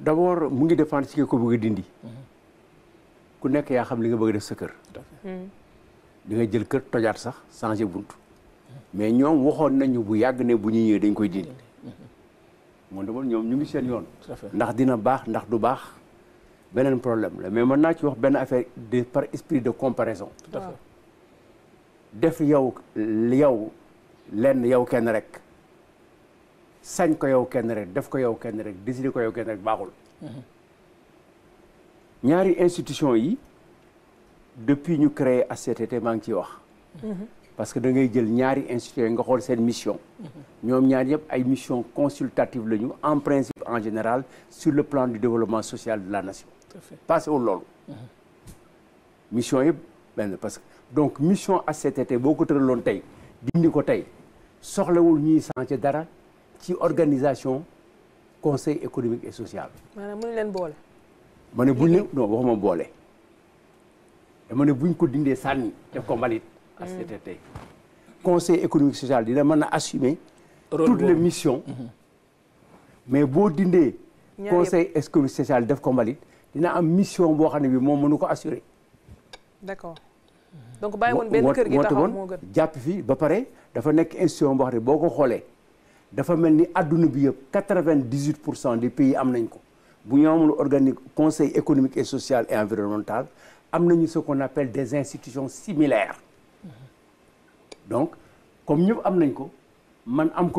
d' abord mu ngi dépendre ko bëgg a dindi. ku nekk yaa xam li nga bëgg def sa kër. di nga jël kër tojaat sax changé bunt. mais ñoom waxoon nañu bu yàgg ne bu ñuy ñëwee dañ koy dindi. moom dama ñoom ñu ngi seen yoon. ndax dina baax ndax du baax. beneen problème la mais mën naa ci wax benn affaire par esprit de comparaison. def yow yow lenn yow kenn rek. sañ ko yow kenn rek def ko yow rek ko yow rek ñaari institution yi depuis ñu créé HCCT maa ngi wax parce que da ngay jël ñaari institution nga mission Nous ñaar une mission consultative en principe en général sur le plan du développement social de la nation passé wul mission yëpp parce donc mission ACTT boo ko tëraloon tey dindi ko tey soxlawul ñuy dara ci organisation conseil économique et social. maanaam mënuñ leen boole. ma ne buñ leen waxuma boole. dama ne buñ ko dindé sànni def ko mbalit. Mm. conseil économique social dina mën assumer. toutes les missions. Mm-hmm. mais bo dindé conseil économique social def ko mbalit dina am mission bo xam bi moom mënu ko assurer. d'accord donc bàyyi woon benn kër gi taxaw moo gën. jàpp fi ba paré dafa nek institution bo xam boko xolé 98% ni des pays qui pour ko le organique conseil économique et social et environnemental am ce qu'on appelle des institutions similaires mm-hmm. donc comme nous avons man am